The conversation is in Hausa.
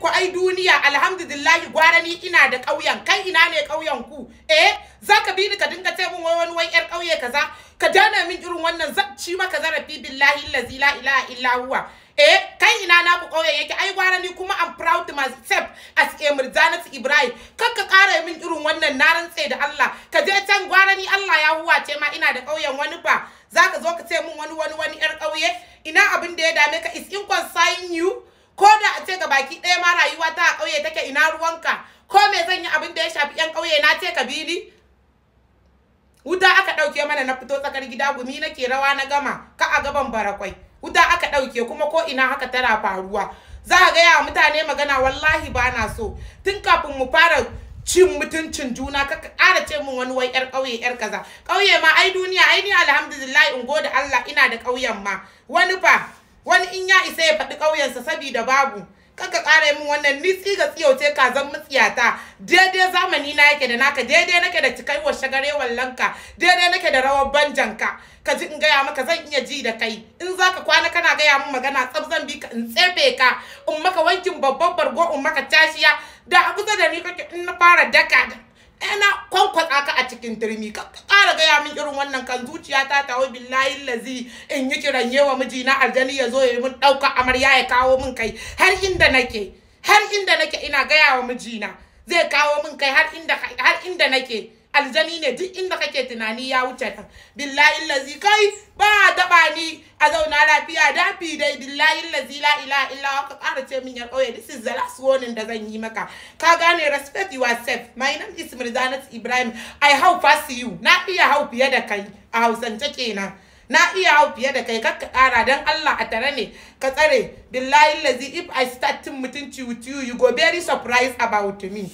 ku ai duniya alhamdulillahi gwara ni ina da ƙauyen kai ina ne ƙauyen ku eh zaka bi ni ka dinga ce min wai wani wai yar ƙauye kaza ka dana min irin wannan ci maka zarafi billahi allazi la ilaha illa huwa eh kai ina na ku ƙauye yake ai gwara ni kuma am proud to myself as a Mirjanat Ibrahim kar ka ƙara min irin wannan na rantse da Allah ka je can gwara ni Allah ya huwa ce ma ina da ƙauyen wani ba zaka zo ka ce min wani wani wani yar ƙauye ina abin da ya dame ka is in consign you ko da a ce ga baki ɗaya ma rayuwa ta a ƙauye take ina ruwanka ko me zan yi abin da ya shafi yan ƙauye na ce ka bi wuta aka ɗauke mana na fito tsakar gida gumi nake rawa na gama ka a gaban barakwai wuta aka ɗauke kuma ko ina haka tana faruwa za a gaya wa mutane magana wallahi ba na so tun kafin mu fara cin mutuncin juna ka ƙara ce min wani wai 'yar ƙauye 'yar kaza ƙauye ma ai duniya ai ni alhamdulillah in gode Allah ina da ƙauyen ma wani fa wani in ya isa ya faɗi ƙauyensa saboda babu kanka ƙara min wannan ni tsiga tsiyauce ka zan mutsiyata daidai zamani na yake da naka daidai nake da cikaiwar shagare wallanka daidai nake da rawar banjanka ka ji in gaya maka zan iya ji da kai in za ka kwana kana gaya min magana tsab zan bi ka in tsefe ka in maka wankin babban bargo in maka tashiya da a kusa da ni kake in na fara daka da ina kwankwatsa ka a cikin turmi ka gaya min irin wannan kan zuciya ta tawo billahi lazi in yi kiranye wa mijina aljani ya zo ya yi min ɗauka amarya ya kawo min kai har inda nake har inda nake ina gaya wa mijina zai kawo min kai har inda har inda nake aljani ne duk inda kake tunani ya wuce ka billahi lazi kai ba daba ni a zauna lafiya dafi dai billahi lazi la ilaha illa wa ka ce min yar ƙauye this is the last warning da zan yi maka ka gane respect yourself my name is Mirzanat Ibrahim I hope I see you na iya hau fiye da kai a Hausance kenan na iya hau fiye da kai kakka kara don Allah a tare ne ka tsare billahi lazi if I start mutunci with you you go very surprised about me